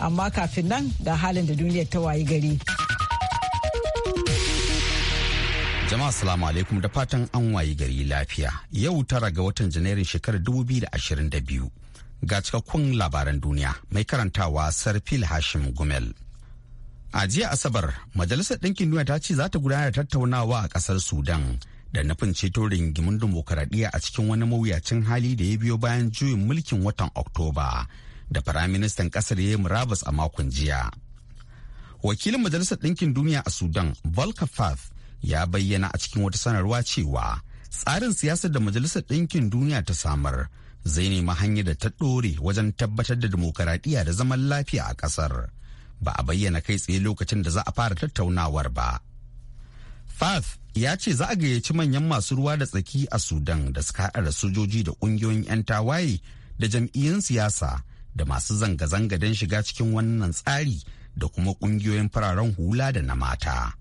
amma kafin nan ga halin da duniya ta wayi gari. Jama'a salamu alaikum da fatan an wayi gari lafiya. Yau tara ga watan Janairun shekarar 2022. Ga cikakkun labaran duniya mai karantawa Sarfil Hashim Gumel. A jiya Asabar, Majalisar Ɗinkin Duniya ta ce za ta gudanar da tattaunawa a ƙasar Sudan da nufin ceto rigimin dimokuraɗiyya a cikin wani mawuyacin hali da ya biyo bayan juyin mulkin watan Oktoba da Firaministan ƙasar ya yi murabus a makon jiya. Wakilin Majalisar Ɗinkin Duniya a Sudan, Volker Fath, ya bayyana a cikin wata sanarwa cewa tsarin siyasar da Majalisar Ɗinkin Duniya ta samar zai nema hanyar da ta ɗore wajen tabbatar da demokaradiyya da zaman lafiya a ƙasar. Ba a bayyana kai tsaye lokacin da za a fara tattaunawar ba. Fath ya ce za a gayyaci manyan masu ruwa da tsaki a Sudan da suka haɗa da sojoji da ƙungiyoyin 'yan tawaye da jam'iyyun siyasa da masu zanga-zanga don shiga cikin wannan tsari da kuma kungiyoyin fararen hula da na mata.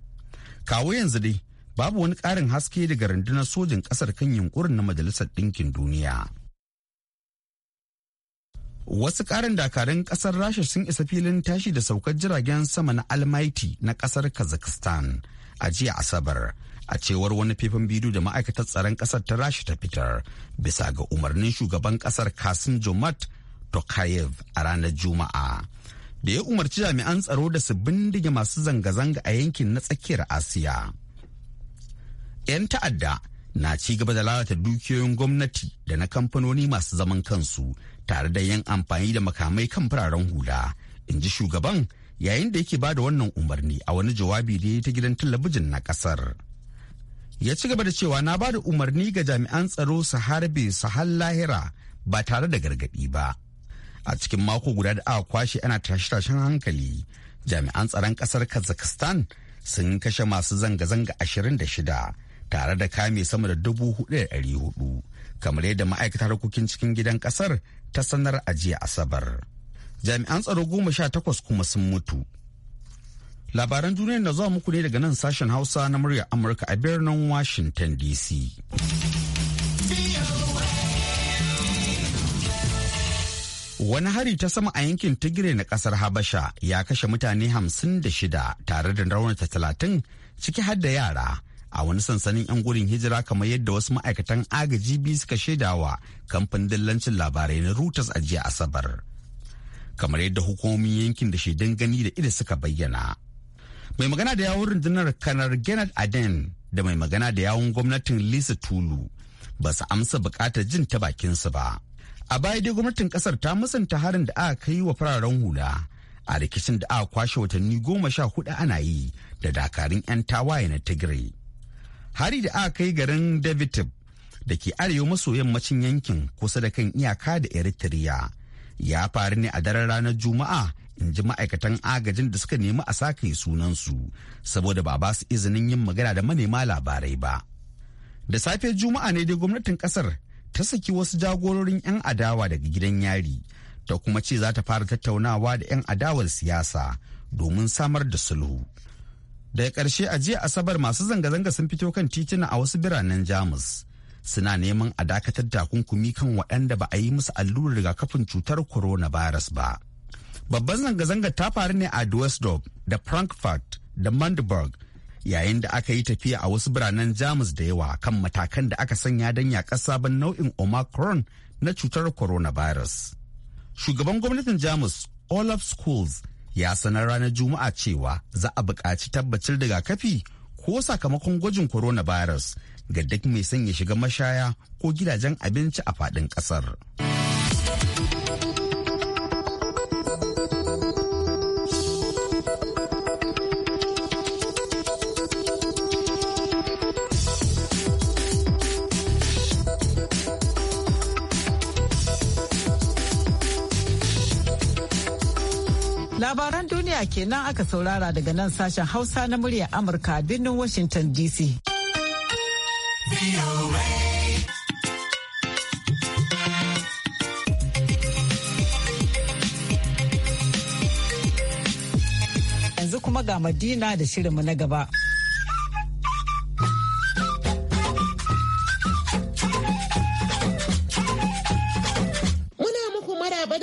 Kawo yanzu dai babu wani ƙarin haske daga rundunar sojin ƙasar kan yunkurin na Majalisar Ɗinkin Duniya. Wasu ƙarin dakarun ƙasar Rasha sun isa filin tashi da saukar jiragen sama na Almighty na ƙasar Kazakhstan a jiya Asabar. a cewar wani faifan bidiyo da ma'aikatar tsaron ƙasar ta rashi ta fitar bisa ga umarnin shugaban ƙasar kasim jomat Tokayev a ranar Juma'a. Da ya umarci jami'an tsaro da su bindige masu zanga-zanga a yankin na tsakiyar Asiya. 'Yan ta'adda na ci gaba da lalata dukiyoyin gwamnati da na kamfanoni masu zaman kansu tare da yin amfani da makamai kan fararen hula, in ji shugaban yayin da yake ba da wannan umarni a wani jawabi da ya ta gidan talabijin na kasar. Ya ci gaba da cewa na ba da umarni ga jami'an tsaro su harbe su har lahira ba tare da gargaɗi ba. a cikin mako guda da aka kwashe ana tashe-tashen hankali jami'an tsaron kasar kazakhstan sun kashe masu zanga-zanga 26 tare da kame sama da hudu kamar yadda ma'aikatar harkokin cikin gidan kasar ta sanar a jiya asabar jami'an tsaro goma sha takwas kuma sun mutu labaran duniya na zuwa muku ne daga nan sashen hausa na murya amurka a birnin washington dc Wani hari ta sama a yankin Tigray na kasar Habasha ya kashe mutane hamsin da shida tare da raunata talatin ciki har da yara a wani sansanin 'yan gurin hijira kamar yadda wasu ma'aikatan agaji biyu suka shaidawa kamfanin dillancin labarai na Reuters a jiya Asabar. Kamar yadda hukumomin yankin da shaidan gani da ida suka bayyana. Mai magana da yawun rundunar kanar Gennad Aden da mai magana da yawun gwamnatin Lisa Tulu ba su amsa bukatar jin ta bakinsu ba. a baya dai gwamnatin kasar ta musanta harin da aka kai wa fararen hula a rikicin da aka kwashe watanni goma sha hudu ana yi da dakarun 'yan tawaye na tigray hari da aka kai garin davitif da ke arewa maso yammacin yankin kusa da kan iyaka da eritrea ya faru ne a daren ranar juma'a in ji ma'aikatan agajin da suka nemi a sake sunansu saboda ba ba su izinin yin magana da manema labarai ba da safe juma'a ne dai gwamnatin kasar ta saki wasu jagororin 'yan adawa daga gidan yari ta kuma ce za ta fara tattaunawa da 'yan adawar siyasa domin samar da sulhu. Daga ƙarshe a jiya Asabar masu zanga-zanga sun fito kan tituna a wasu biranen Jamus. Suna neman a dakatar takunkumi kan waɗanda ba a yi musu allurar rigakafin cutar coronavirus ba. Babban zanga-zanga ta faru ne a Duesdorf da Frankfurt da Mandeburg. yayin da aka yi tafiya a wasu biranen jamus da yawa kan matakan da aka sanya don yaƙar sabon nau'in omicron na cutar coronavirus shugaban gwamnatin jamus olaf schools ya sanar ranar juma'a cewa za a buƙaci tabbacin rigakafi ko sakamakon gwajin coronavirus ga duk mai sanya shiga mashaya ko gidajen abinci a faɗin ƙasar. Duniya kenan aka saurara daga nan sashen Hausa na muryar Amurka a birnin Washington DC. Yanzu kuma ga Madina da shirinmu na gaba.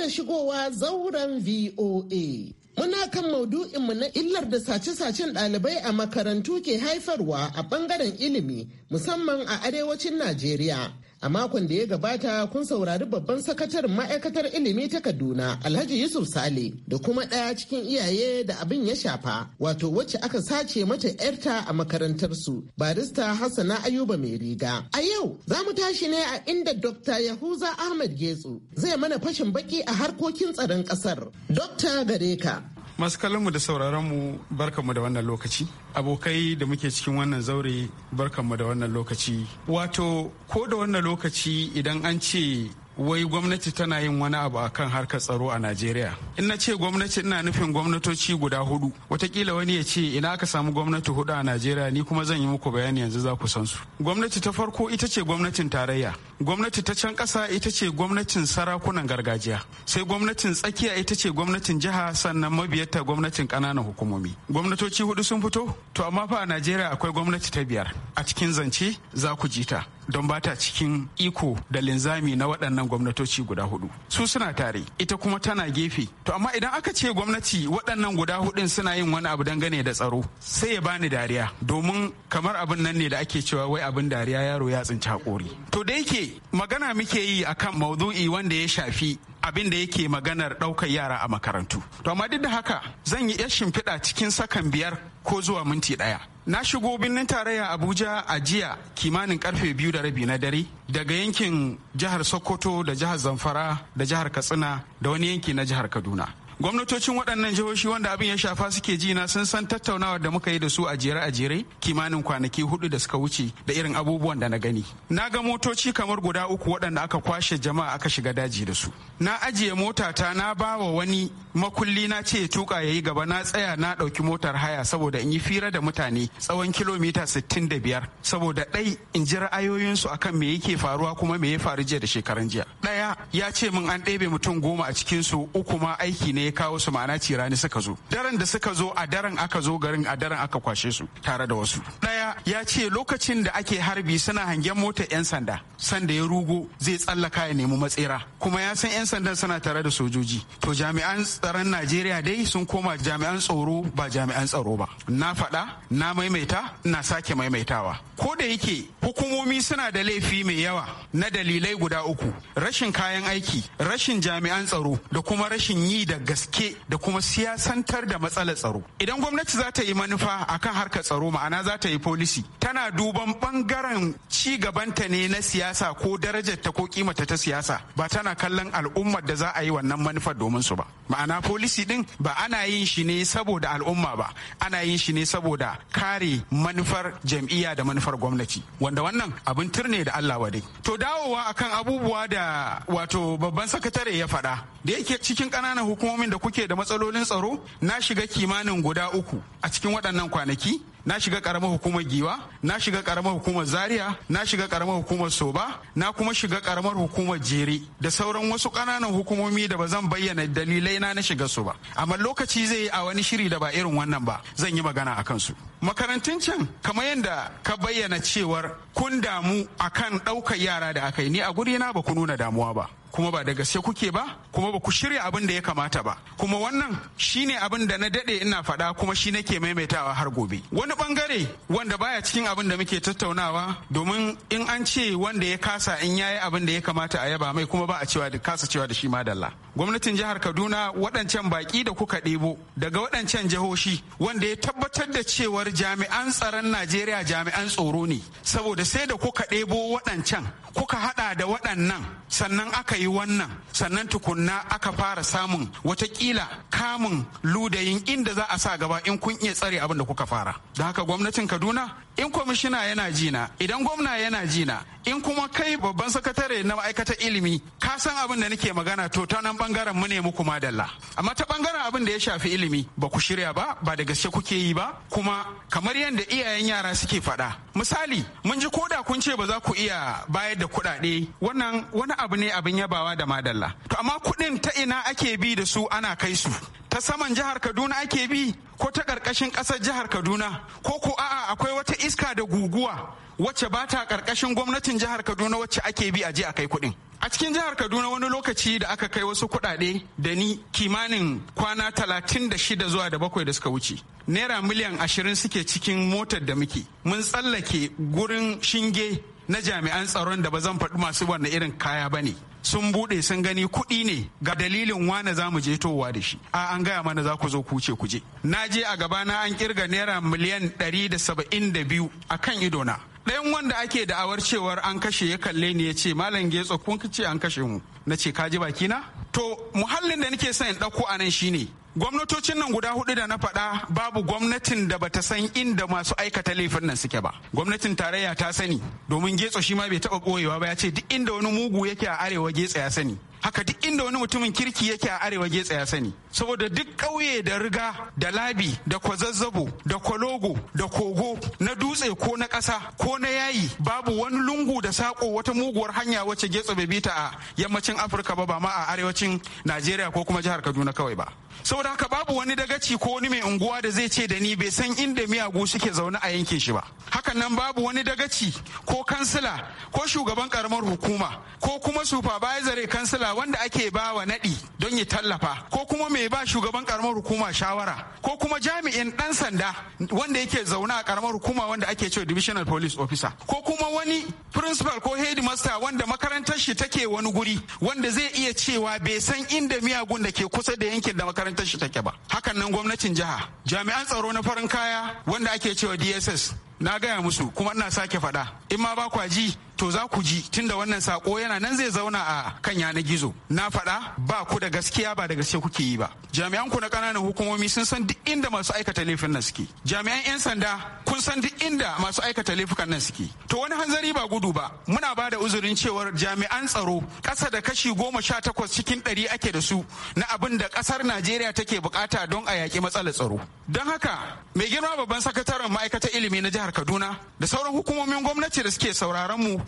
shigowa zauren VOA. Muna kan maudu'inmu na illar da sace-sacen ɗalibai a makarantu ke haifarwa a ɓangaren ilimi musamman a arewacin Najeriya. A makon da ya gabata kun saurari babban sakataren ma'aikatar ilimi ta Kaduna Alhaji Yusuf Sale da kuma ɗaya cikin iyaye da abin ya shafa wato wacce aka sace mata 'yarta a makarantarsu barista Hassana Ayuba mai riga. A yau za mu tashi ne a inda Dr. Yahuza Ahmed Getsu zai mana fashin baki a harkokin tsaron ƙasar. Dokta gare ka. masu kallonmu da sauraronmu barkanmu da wannan lokaci abokai da muke cikin wannan zaure barkanmu da wannan lokaci wato ko da wannan lokaci idan an ce wai gwamnati tana yin wani abu a kan harkar tsaro a najeriya in na ce gwamnati ina nufin gwamnatoci guda hudu watakila wani ya ce ina aka samu gwamnati hudu a najeriya ni kuma zan yi muku bayani yanzu za ku san su gwamnati ta farko ita ce gwamnatin tarayya gwamnati ta can ƙasa ita ce gwamnatin sarakunan gargajiya sai gwamnatin tsakiya ita ce gwamnatin jiha sannan mabiyarta gwamnatin ƙananan hukumomi gwamnatoci hudu sun fito to amma fa a najeriya akwai gwamnati ta biyar a cikin zance za ku ji ta don ba ta cikin iko da linzami na waɗannan gwamnatoci guda hudu su suna tare ita kuma tana gefe to amma idan aka ce gwamnati waɗannan guda hudun suna yin wani abu dangane da tsaro sai ya bani dariya domin kamar abin nan ne da ake cewa wai abin dariya yaro ya tsinci hakori to da yake magana muke yi akan maudu'i wanda ya shafi abin da yake maganar ɗaukar yara a makarantu. To amma duk da haka zan yi 'yar shimfiɗa cikin sakan biyar ko zuwa minti ɗaya. Na shigo birnin tarayya Abuja a jiya kimanin karfe biyu da rabi na dare daga yankin jihar Sokoto da jihar Zamfara da jihar Katsina da wani yanki na jihar Kaduna. gwamnatocin waɗannan jihohi wanda abin ya shafa suke ji na sun san tattaunawa da muka yi da su a jere a jere kimanin kwanaki hudu da suka wuce da irin abubuwan da na gani na ga motoci kamar guda uku waɗanda aka kwashe jama'a aka shiga daji da su na ajiye motata na ba wa wani makulli na ce tuka ya yi gaba na tsaya na ɗauki motar haya saboda in yi fira da mutane tsawon kilomita sittin da biyar saboda ɗai in ji ra'ayoyinsu akan me yake faruwa kuma me ya faru jiya da shekaran jiya ɗaya ya ce min an ɗebe mutum goma a cikinsu uku ma aiki ne ya kawo su ma'ana cirani suka zo daren da suka zo a daren aka zo garin a daren aka kwashe su tare da wasu daya ya ce lokacin da ake harbi suna hangen motar yan sanda sanda ya rugo zai tsallaka ya nemi matsera kuma ya san yan sandan suna tare da sojoji to jami'an tsaron najeriya dai sun koma jami'an tsoro ba jami'an tsaro ba na faɗa na maimaita na sake maimaitawa ko da yake hukumomi suna da laifi mai yawa na dalilai guda uku rashin kayan aiki rashin jami'an tsaro da kuma rashin yi da gaske da kuma siyasantar da matsalar tsaro idan gwamnati za ta yi manufa akan harkar tsaro ma'ana za ta yi policy tana duban bangaren ci gabanta ne na siyasa ko darajar ta ko kimata ta siyasa ba tana kallon al'ummar da za a yi wannan manufar domin su ba ma'ana policy din ba ana yin shi ne saboda al'umma ba ana yin shi ne saboda kare manufar jam'iyya da manufar gwamnati wanda wannan abin turne da Allah wadai to dawowa akan abubuwa da wato babban sakatare ya faɗa da yake cikin ƙananan hukumomin da kuke da matsalolin tsaro na shiga kimanin guda uku a cikin waɗannan kwanaki na shiga ƙaramar hukumar giwa na shiga ƙaramar hukumar zaria na shiga ƙaramar hukumar soba na kuma shiga ƙaramar hukumar jere da sauran wasu ƙananan hukumomi da ba zan bayyana dalilai na na shiga su ba amma lokaci zai yi a wani shiri da ba irin wannan ba zan yi magana a kansu makarantun can kamar yadda ka bayyana cewar kun damu akan ɗaukar yara da aka yi ni a guri na ba ku nuna damuwa ba kuma ba da gaske kuke ba kuma ba ku shirya abin da ya kamata ba kuma wannan shine abin da na dade ina faɗa kuma shi nake maimaitawa har gobe wani bangare wanda baya cikin abin da muke tattaunawa domin in an ce wanda ya kasa in yayi abin da ya kamata a yaba mai kuma ba a cewa da kasa cewa da shi madalla gwamnatin jihar kaduna waɗancan baki da kuka ɗebo daga waɗancan jihohi wanda ya tabbatar da cewar jami'an tsaron najeriya jami'an tsoro ne saboda sai da kuka ɗebo waɗancan kuka haɗa da waɗannan sannan aka yi wannan sannan tukunna aka fara samun watakila kamun ludayin inda za a sa gaba in kun iya tsare abin da kuka fara da haka gwamnatin kaduna in kwamishina yana jina idan gwamna yana jina in kuma kai babban sakatare na ma'aikatar ilimi ka san abin da nake magana to ta nan bangaren mu ne muku madalla amma ta bangaren abin da ya shafi ilimi ba ku shirya ba ba da gaske kuke yi ba kuma kamar yadda iyayen yara suke faɗa misali mun ji ko da kun ce ba za ku iya bayar da kuɗaɗe wannan wani abu ne abin yabawa da madalla to amma kuɗin ta ina ake bi da su ana kai su ta saman jihar kaduna ake bi ko ta ƙarƙashin ƙasar jihar kaduna ko ko a'a akwai wata iska da guguwa wacce ba ta ƙarƙashin gwamnatin jihar kaduna wacce ake bi a je a kai kuɗin a cikin jihar kaduna wani lokaci da aka kai wasu kuɗaɗe da ni kimanin kwana talatin da shida zuwa da bakwai da suka wuce naira miliyan ashirin suke cikin motar da muke mun tsallake gurin shinge na jami'an tsaron da ba zan faɗi masu wannan irin kaya ba ne sun bude sun gani kuɗi ne ga dalilin wane za mu je towa da shi a an gaya mana za ku zo ku ce ku je na je a gabana an kirga naira miliyan 172 a kan idona ɗayan wanda ake da awar cewar an kashe ya kalle ni ya ce malam getso kun ce an kashe mu na ce ka ji bakina to muhallin da nake son in ɗauko a nan shine gwamnatocin nan guda hudu da na faɗa babu gwamnatin da bata san inda masu aikata laifin nan suke ba gwamnatin tarayya ta sani domin getso shi ma bai taba boyewa ba ya ce duk inda wani mugu yake a arewa getsa ya sani haka duk inda wani mutumin kirki yake a arewa getsa ya sani saboda duk ƙauye da riga da labi da kwazazzabo da kwalogo da kogo na dutse ko na ƙasa ko na yayi babu wani lungu da sako wata muguwar hanya wacce getso bai bita a yammacin afirka ba ba ma a arewacin najeriya ko kuma jihar kaduna kawai ba saboda haka babu wani dagaci ko wani mai unguwa da zai ce da ni bai san inda miyagu suke zaune a yankin shi ba hakan nan babu wani dagaci ko kansila ko shugaban karamar hukuma ko kuma supervisor kansila wanda ake ba wa nadi don ya tallafa ko kuma mai ba shugaban karamar hukuma shawara ko kuma jami'in dan sanda wanda yake zaune a karamar hukuma wanda ake cewa divisional police officer ko kuma wani principal ko headmaster wanda makarantar shi take wani guri wanda zai iya cewa bai san inda miyagun da ke kusa da yankin da makarantar makarantar shi take ba hakan nan gwamnatin jiha jami'an tsaro na farin kaya wanda ake cewa dss na gaya musu kuma ina sake faɗa in ma ba kwa ji to za ku ji tunda wannan sako yana nan zai zauna a kan yanar gizo na faɗa ba ku da gaskiya ba da gaske kuke yi ba jami'an ku na ƙananan hukumomi sun san duk inda masu aikata laifin nan suke jami'an 'yan sanda kun san duk inda masu aikata laifukan nan suke to wani hanzari ba gudu ba muna ba da uzurin cewar jami'an tsaro ƙasa da kashi goma sha takwas cikin ɗari ake da su na abin da ƙasar najeriya take buƙata don a yaƙi matsalar tsaro don haka mai girma babban sakataren ma'aikatar ilimi na jihar kaduna da sauran hukumomin gwamnati da suke sauraron mu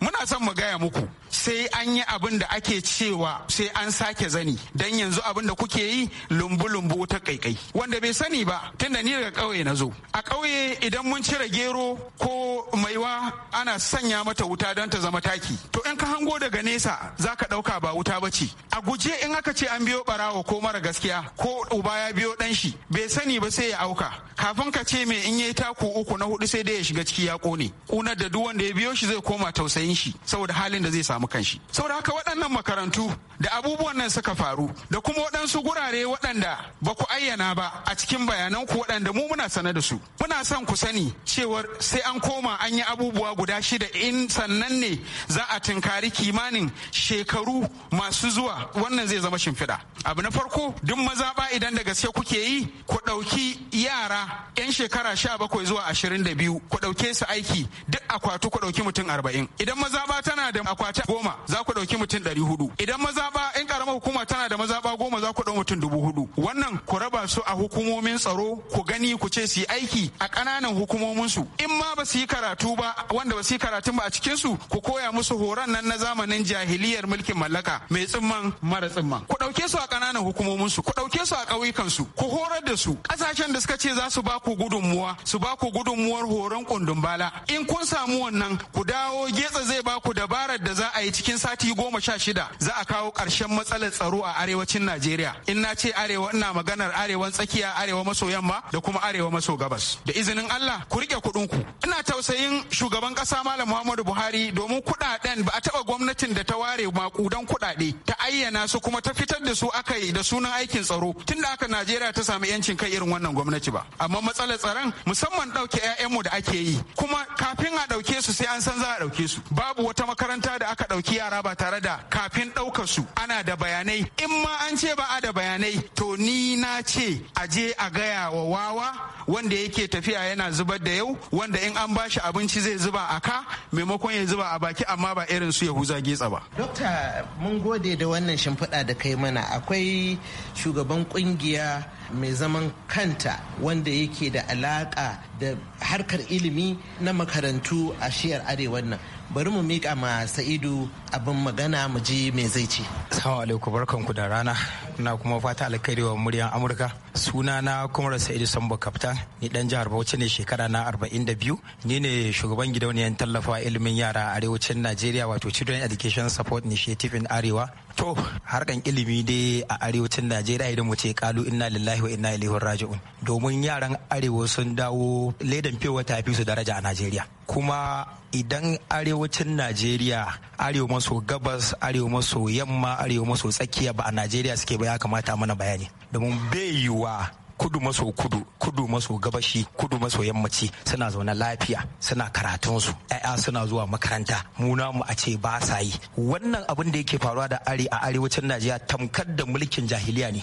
muna son mu gaya muku sai an yi abin da ake cewa sai an sake zani dan yanzu abin da kuke yi lumbu-lumbu ta kaikai wanda bai sani ba tunda ni daga ƙauye na zo a ƙauye idan mun cire gero ko maiwa ana sanya mata wuta don ta zama taki to in ka hango daga nesa za ka ɗauka ba wuta ba ce a guje in aka ce an biyo barawo ko mara gaskiya ko uba ya biyo ɗan shi bai sani ba sai ya auka kafin ka ce mai in yi taku uku na hudu sai dai ya shiga ciki ya kone ƙunar da duk wanda ya biyo shi zai koma tausayi. an shi saboda halin da zai samu kanshi saboda haka waɗannan makarantu da abubuwan nan suka faru da kuma waɗansu gurare waɗanda ba ku ayyana ba a cikin bayanan ku waɗanda mu muna sane da su muna son ku sani cewar sai an koma an yi abubuwa guda shida in sannan ne za a tunkari kimanin shekaru masu zuwa wannan zai zama shimfiɗa abu na farko duk mazaɓa idan da gaske kuke yi ku ɗauki yara 'yan shekara sha bakwai zuwa ashirin da biyu ku ɗauke su aiki duk akwatu ku ɗauki mutum arba'in idan mazaba tana da akwati goma za ku ɗauki mutum ɗari hudu idan mazaba in karamar hukuma tana da ba goma za ku ɗau mutum dubu hudu wannan ku raba su a hukumomin tsaro ku gani ku ce su aiki a ƙananan hukumominsu in ma ba su yi karatu ba wanda ba su yi karatun ba a cikinsu ku koya musu horon nan na zamanin jahiliyar mulkin mallaka mai tsimman mara tsimman ku ɗauke su a ƙananan hukumominsu ku ɗauke su a ƙauyukan su ku horar da su kasashen da suka ce za su ba ku gudunmuwa su ba ku gudunmuwar horon kundun bala in kun samu wannan ku dawo getsa zai ba ku dabarar da za a yi cikin sati goma sha shida za a kawo ƙarshen matsalar tsaro a arewacin Najeriya. In na ce arewa ina maganar arewan tsakiya arewa maso yamma da kuma arewa maso gabas. Da izinin Allah ku rike kuɗin ku. Ina tausayin shugaban ƙasa Malam Muhammadu Buhari domin kuɗaɗen ba a taɓa gwamnatin da ta ware maƙudan kuɗaɗe ta ayyana su kuma ta fitar da su aka yi da sunan aikin tsaro tun da aka Najeriya ta samu yancin kai irin wannan gwamnati ba. Amma matsalar tsaron musamman ɗauke 'ya'yanmu da ake yi kuma kafin a ɗauke su sai an san za a ɗauke su. babu wata makaranta da aka ɗauki yara ba tare da kafin ɗaukar su ana da bayanai in ma an ce ba a da bayanai to ni na ce a je a gaya wa wawa wanda yake tafiya yana zubar da yau wanda in an bashi abinci zai zuba a ka maimakon ya zuba a baki amma ba irin su ya huza getsa ba. Dokta mun gode da wannan shimfiɗa da kai mana akwai shugaban ƙungiya mai zaman kanta wanda yake da alaƙa da harkar ilimi na makarantu a shiyar arewa nan. bari mu mika ma sa'idu abin magana mu ji me zai ce Sawa alaikum ku da rana na kuma fata alkhairi wa muryan amurka suna na kuma sa'idu sambo kaftan ni dan jihar bauchi ne shekara na 42 ni ne shugaban gidauniyar tallafawa ilimin yara a arewacin najeriya wato children education support initiative in arewa to harkan ilimi dai a arewacin najeriya idan mu ce kalu inna lillahi wa inna ilaihi raji'un domin yaran arewa sun dawo ledan fewa fi su daraja a najeriya kuma idan arewacin najeriya arewa maso gabas arewa maso yamma arewa maso tsakiya ba a najeriya suke ba ya kamata mana bayani domin bai yiwuwa kudu maso kudu kudu maso gabashi kudu maso yammaci suna zaune lafiya suna karatunsu ya'ya suna zuwa makaranta muna mu a ce ba sa yi wannan abin da yake faruwa da are a arewacin najeriya tamkar da mulkin jahiliya ne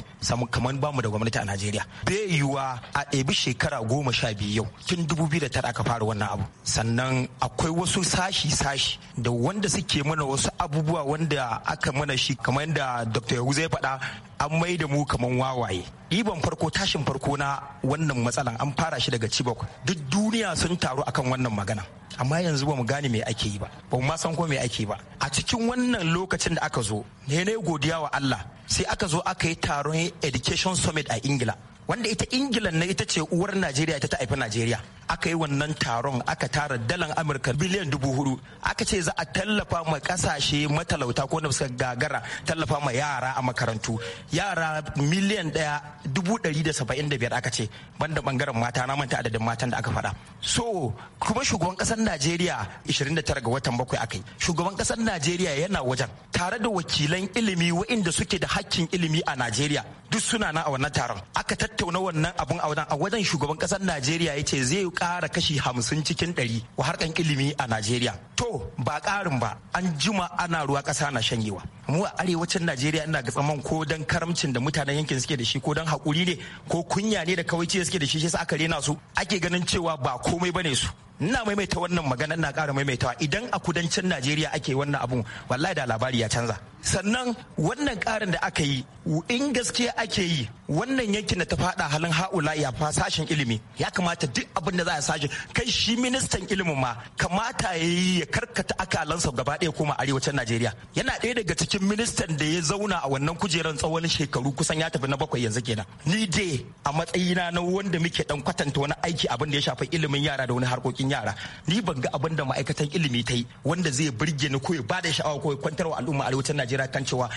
kamar bamu da gwamnati a najeriya bai yiwuwa a ɗebi shekara goma sha biyu yau tun dubu biyu da tara aka fara wannan abu sannan akwai wasu sashi sashi da wanda suke mana wasu abubuwa wanda aka mana shi kamar yadda dr yahuza ya faɗa an mai da mu kaman wawaye iban farko tashin farko na wannan matsalan an fara shi daga chibok duk duniya sun taru akan wannan magana amma yanzu ba mu gane me ake yi ba ba ma san ko me ake ba a cikin wannan lokacin da aka zo ne ne godiya wa Allah sai aka zo aka yi taron education summit a ingila wanda ita ingila na ita ce uwar najeriya ita ta haifi najeriya aka yi wannan taron aka tara dalan amurka biliyan dubu hudu aka ce za a tallafa ma kasashe matalauta ko da suka gagara tallafa ma yara a makarantu yara miliyan daya dubu dari da saba'in da biyar aka ce banda bangaren mata na manta adadin matan da aka faɗa so kuma shugaban kasar najeriya 29 ga watan bakwai aka yi shugaban kasar najeriya yana wajen tare da wakilan ilimi wa'inda suke da hakkin ilimi a najeriya duk suna na a wannan taron aka tattauna wannan abun a wajen shugaban kasar najeriya ya ce zai kara kashi hamsin cikin ɗari wa harkan ilimi a Najeriya. To ba ƙarin ba an jima ana ruwa ƙasa na shanyewa. Mu a arewacin Najeriya ina ga tsaman ko dan karamcin da mutanen yankin suke da shi ko dan haƙuri ne ko kunya ne da kawai ce suke da shi shi aka rena su ake ganin cewa ba komai bane su. ina maimaita wannan magana ina kara maimaitawa idan a kudancin najeriya ake wannan abun wallahi da labari ya canza sannan wannan ƙarin da aka yi in gaskiya ake yi wannan yankin da ta faɗa halin haula ya fa sashen ilimi ya kamata duk abin da za a kai shi ministan ilimin ma kamata ya yi ya karkata akalansa gaba ɗaya koma arewacin najeriya yana ɗaya daga cikin ministan da ya zauna a wannan kujerar tsawon shekaru kusan ya tafi na bakwai yanzu kenan ni dai a matsayina na wanda muke dan kwatanta wani aiki abin da ya shafi ilimin yara da wani harkokin karatun yara ni ban ga abin da ma'aikatan ilimi ta yi wanda zai birge ni ko ya bada sha'awa ko ya kwantar wa al'umma arewacin najeriya kan cewa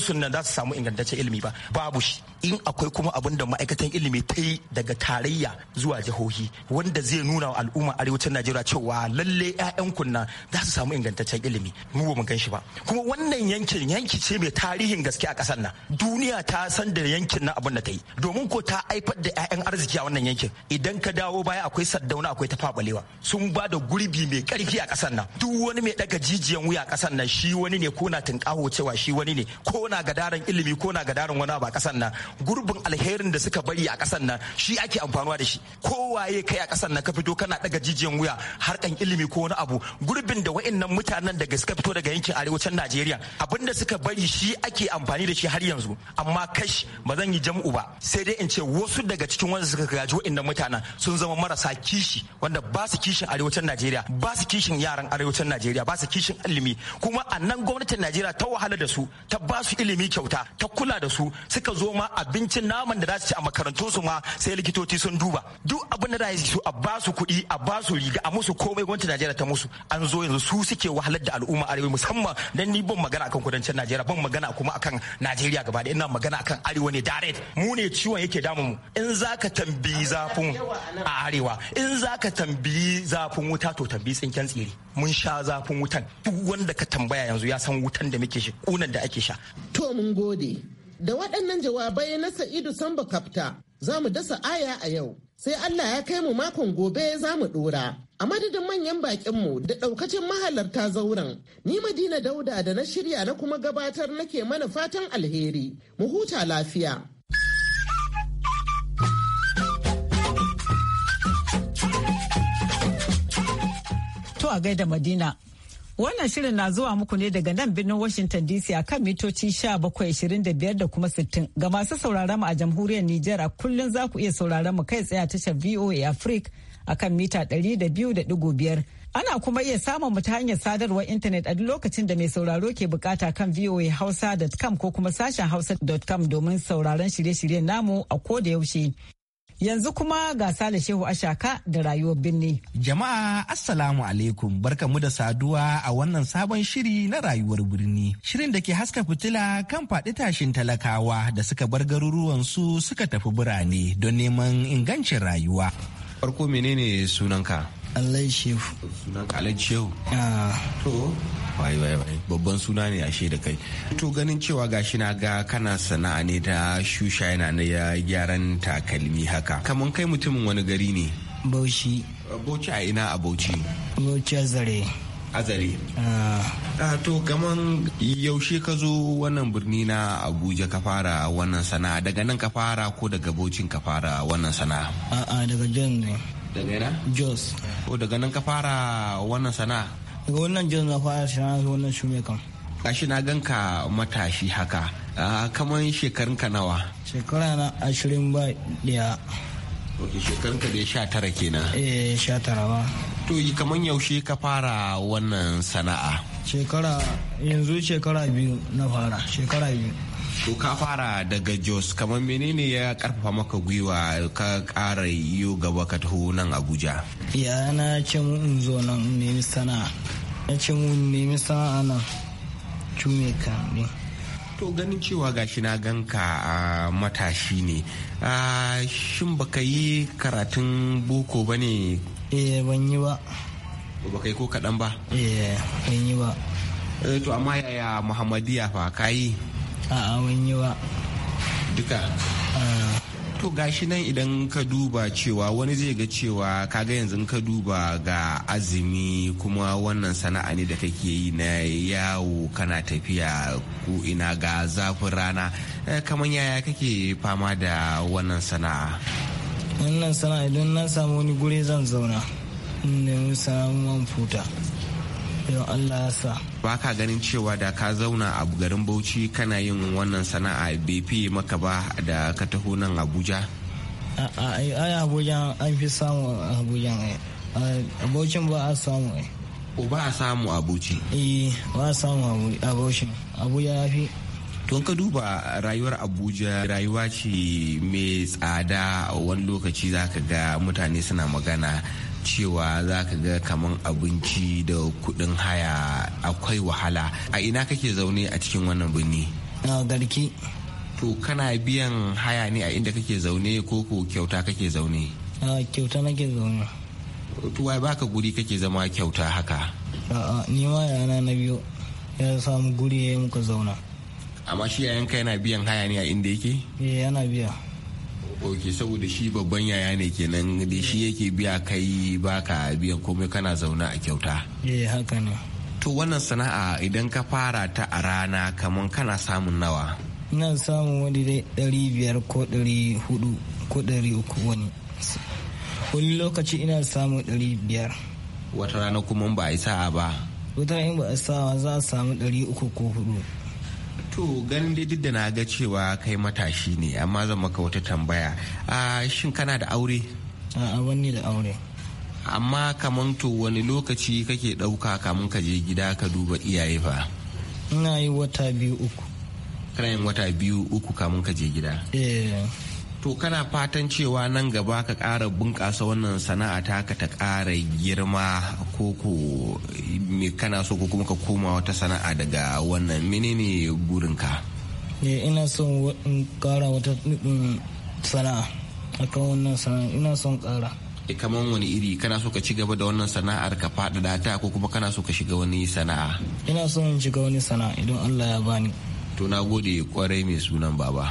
su nan za su samu ingantaccen ilimi ba babu shi in akwai kuma abin da ma'aikatan ilimi ta yi daga tarayya zuwa jihohi wanda zai nuna wa al'umma arewacin najeriya cewa lalle ƴaƴan nan za su samu ingantaccen ilimi mu ba mu gan ba kuma wannan yankin yanki ce mai tarihin gaske a ƙasar nan duniya ta san da yankin na abin da ta yi domin ko ta haifar da ƴaƴan arziki a wannan yankin idan ka dawo baya akwai saddauna akwai tafabalewa sun ba da gurbi mai karfi a kasan nan duk wani mai daga jijiyan wuya a kasan nan shi wani ne ko na tunƙaho cewa shi wani ne ko na gadaran ilimi ko na gadaran wani ba kasan nan gurbin alherin da suka bari a kasan nan shi ake amfanuwa da shi ko waye kai a kasan nan ka fito kana daga jijiyan wuya harkan ilimi ko wani abu gurbin da wa'annan mutanen daga suka fito daga yankin arewacin Najeriya abinda suka bari shi ake amfani da shi har yanzu amma kash ba zan yi jam'u ba sai dai in ce wasu daga cikin wanda suka gaji wa'annan mutanen sun zama marasa kishi wanda ba su kishin arewacin najeriya ba su kishin yaran arewacin najeriya ba su kishin ilimi kuma a nan gwamnatin najeriya ta wahala da su ta ba su ilimi kyauta ta kula da su suka zo ma abincin naman da za su ci a makarantun su ma sai likitoci sun duba duk abin da za su a ba su kuɗi a ba su riga a musu komai gwamnatin najeriya ta musu an zo yanzu su suke wahalar da al'umma arewa musamman dan ni ban magana akan kudancin najeriya ban magana kuma akan najeriya gaba da ina magana akan arewa ne direct mu ne ciwon yake damu mu in zaka tambayi zafin a arewa in zaka tambayi tambayi zafin wuta to tambayi tsinken tsiri mun sha zafin wutan duk wanda ka tambaya yanzu ya san wutan da muke shi kunan da ake sha to mun gode da waɗannan jawabai na sa'idu samba kafta za mu dasa aya a yau sai allah ya kai mu makon gobe za mu ɗora a madadin manyan mu da ɗaukacin mahalarta zauren ni madina dauda da na shirya na kuma gabatar nake mana fatan alheri mu huta lafiya a gaida Madina. Wannan shirin na zuwa muku ne daga nan birnin Washington DC a kan mitoci 1725 da biyar da kuma sittin Ga masu sauraron mu a jamhuriyar niger a kullum za ku iya sauraron mu kai tsaye a tashar VOA Africa a kan mita biyar Ana kuma iya samun mu ta hanyar sadarwar intanet a duk lokacin da mai sauraro ke bukata kan voahausa.com ko kuma sashen hausa.com domin sauraron shirye-shiryen namu a ko da yaushe. Yanzu kuma ga Sale Shehu Ashaka da rayuwar birni. Jama'a Assalamu alaikum barkamu da saduwa a wannan sabon shiri na rayuwar birni. Shirin da ke haska fitila kan faɗi tashin talakawa da suka bar garuruwan su suka tafi birane don neman ingancin rayuwa. Farko menene sunanka? Allah Shehu. Sunan Alai Shehu. Ah. To, wai wai wai babban suna ne ashe da kai. To ganin cewa gashi na ga kana sana'a ne ta shusha yana na gyaran takalmi haka. Kaman kai mutumin wani gari ne? Bauchi. Bauchi a ina a Bauchi? Bauchi Azare. azare. Uh, to kamar yaushe ka zo wannan birni na Abuja ka fara wannan sana'a daga nan ka fara ko daga bauchin ka fara wannan sana'a? A'a daga Jan ne. daga yana? jos ko oh, daga nan ka fara wannan sana'a daga wannan jos na fara sana'a wannan shume kan shi na gan ka matashi haka ah, kamar shekarun ka nawa shekara na ashirin ba daya ok shekarun ka da sha tara kenan eh sha tara ba to yi kamar yaushe ka fara wannan sana'a shekara yanzu shekara biyu na fara shekara biyu To ka fara daga Jos kamar menene ya karfafa maka gwiwa ka kara yiwu gaba ka taho nan Abuja? Ya na ce mun zo nan nemi sana'a. Na ce mun nemi sana'a nan cume ka ne. To ganin cewa gashi na ganka a matashi ne. Shin baka yi karatun boko ba ne? Eh ban yi ba. Ba yi ko kaɗan ba? Eh ban yi ba. Eh, to amma yaya Muhammadiya fa ka yi? a'a awon yiwa duka eh. to gashi nan idan ka duba cewa wani zai ga cewa kaga yanzu ka duba ga azumi kuma wannan sana'a ne da kake yi na yawo kana tafiya ko ina ga zafin rana eh, kamar yaya kake fama da wannan sana'a wannan sana'a idan na samu wani guri zan zauna in samu man futa don Allah ya sa. Ba ka ganin cewa da ka zauna a garin Bauchi kana yin wannan sana'a bai fi maka ba da ka taho nan Abuja? A Abuja an fi samu Abuja a Abocin ba a samu O ba a samu Abuci? Eh ba a samu Abuci. Abuja ya fi. Don ka duba rayuwar Abuja rayuwa ce mai tsada wani lokaci za ka ga mutane suna magana cewa za ka ga kaman abinci da kuɗin haya akwai wahala a ina kake zaune a cikin wannan birni a garki to kana biyan haya ne a inda kake zaune ko ko kyauta kake zaune a kyauta nake zaune to wai baka guri kake zama kyauta haka a'a ni ma yana na biyo ya samu guri ya yi muka zauna amma shi ka yana biyan haya ne a inda yake eh, yana biya ok saboda shi babban yaya ne kenan da shi yake biya kai baka biyan komai kana zaune a kyauta eh haka ne to wannan sana'a idan ka fara ta a rana kamar kana samun nawa ina samun wani dai dari biyar ko dari hudu ko dari uku wani wani lokaci ina samun dari biyar wata rana kuma ba a yi sa'a ba wata rana ba a sa'a za a samu dari uku ko hudu to ganin dai duk da na ga cewa kai matashi ne amma zan maka wata tambaya a shin kana da aure a wani da aure amma kamar to wani lokaci kake ɗauka kamun ka je gida ka duba iyaye fa ina yi wata biyu uku kana yin wata biyu uku kamun ka je gida eh to kana fatan cewa nan gaba ka ƙara bunƙasa wannan sana'a ta ka ta ƙara girma ko ko me kana so ko kuma ka koma wata sana'a daga wannan menene burinka ne eh, ina son in ƙara wata mm, sana'a akan wannan sana'a ina son ƙara eh, kamar wani iri kana so ka ci gaba da wannan sana'ar ka faɗaɗa ta ko kuma kana so ka shiga wani sana'a ina son in shiga wani sana'a idan Allah ya bani to na gode kwarai mai sunan baba